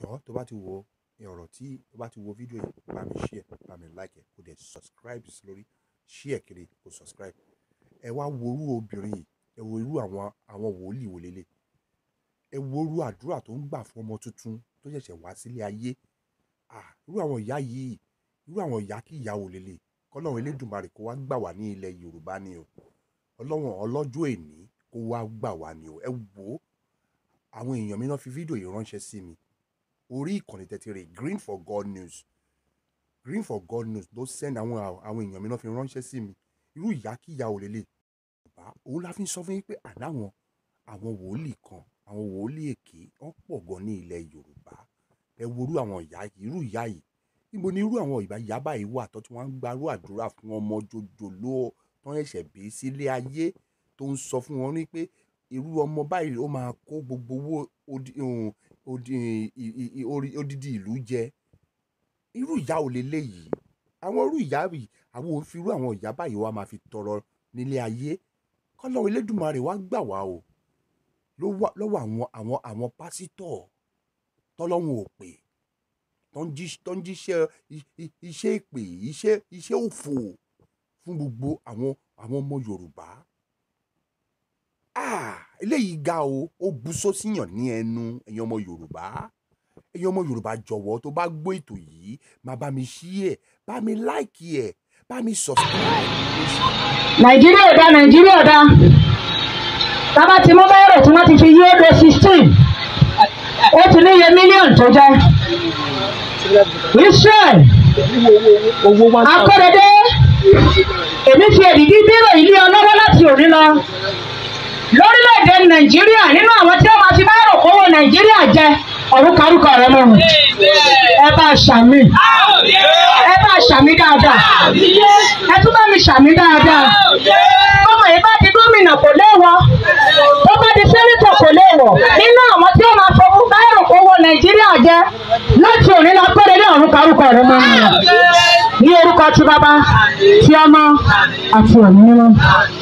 jọ tó bá ti wo ọ̀rọ̀ tí tó bá ti wo fídíò yìí bá mi share bá mi like kó dẹ̀ subscribe sí lórí share kiri kó subscribe ẹ wá worú obìnrin yìí ẹ worú àwọn àwọn wòlíì wòlélẹ̀ ẹ worú àdúrà tó ń gbà fún ọmọ tuntun tó ṣẹ̀ṣẹ̀ wá sílé ayé irú àwọn ìyá yìí irú àwọn ìyá kí ìyá wòlélẹ̀ kọ́lọ́run elédùnmarè kó wá gbà wá ní ilẹ̀ yorùbá ni o ọlọ́wọ̀n ọlọ́jọ́ èní kó wá gbà wá ni o ẹ wo ó àwọn èèyàn mi náà fi fídíò yìí ránṣẹ́ sí mi orí ìkànnì tẹ́tí rè green for god news green for god news ló send àwọn àwọn èèyàn mi náà fi ránṣẹ́ sí mi irú ìyákíyà ò lélẹ̀ bá òun la fi sọ fún yín pé àdáwọn àwọn wòlíì kan àwọn wòlíì èké wọn pọ̀ gan ní ilẹ̀ yorùbá ẹ worú àwọn ìyá irú ìyá yìí níbo ni irú àwọn ìyá báyìí wà tó tí wọ́n ń gbarú àdúrà fún ọmọ jòjòló tó ń ṣẹ̀ṣẹ̀ bí sílé ayé tó ń sọ fún wọn ní pé irú ọmọ báyìí ó máa kó gbogbo owó odidi ìlú jẹ irú ìyá ò lélẹ́yìí àwọn irú ìyá yìí àwọn ò fi irú àwọn ìyá báyìí wá máa fi tọrọ nílé ayé kọ́lọ́ Elédùmarè wá gbà wá o lọ́wọ́ àwọn àwọn àwọn pásítọ̀ tọ́lọ́hún ò pè tó ń jíṣẹ́ iṣẹ́ ìpè iṣẹ́ iṣẹ́ òfò fún gbogbo àwọn àwọn ọmọ Yorùbá. Ah! eléyìí ga o ó bu sósìyàn ní ẹnu ẹ̀yin ọmọ yorùbá ẹ̀yin ọmọ yorùbá jọ̀wọ́ tó bá gbọ́ ètò yìí má bá mi ṣí ẹ̀ bá mi láìkì ẹ̀ bá mi subscribe. nàìjíríà ọ̀dà nàìjíríà ọ̀dà tábà tí mo bá rò tí wọ́n ti fi yí ọdọ sixteen ó ti níye mílíọ̀nù tó jẹ́ israel akọ́dédé èmi fi èdìdí bírò ilé ọlọ́wọ́ láti òní lọ lórí nàìjíríà nínú àwọn tí wọ́n máa fi báyọ̀ kówó nàìjíríà jẹ ọ̀rúkọ̀rúkọ̀ rẹ lọ́rùn ẹ bá ṣàmì ẹ bá ṣàmì dáadáa ẹ tún bá mi ṣàmì dáadáa ọmọ yìí bá di gómìnà kò léwọ tó bá di sẹ́nitọ̀ kò léwọ nínú àwọn tí wọ́n máa fọwọ́ báyọ̀ kówó nàìjíríà jẹ láti òní lọ pé lórí ọ̀rúkọ̀rúkọ̀ rẹ lọ́rùn ní orúkọ tí bàbá tí ọmọ àti òní mímọ́.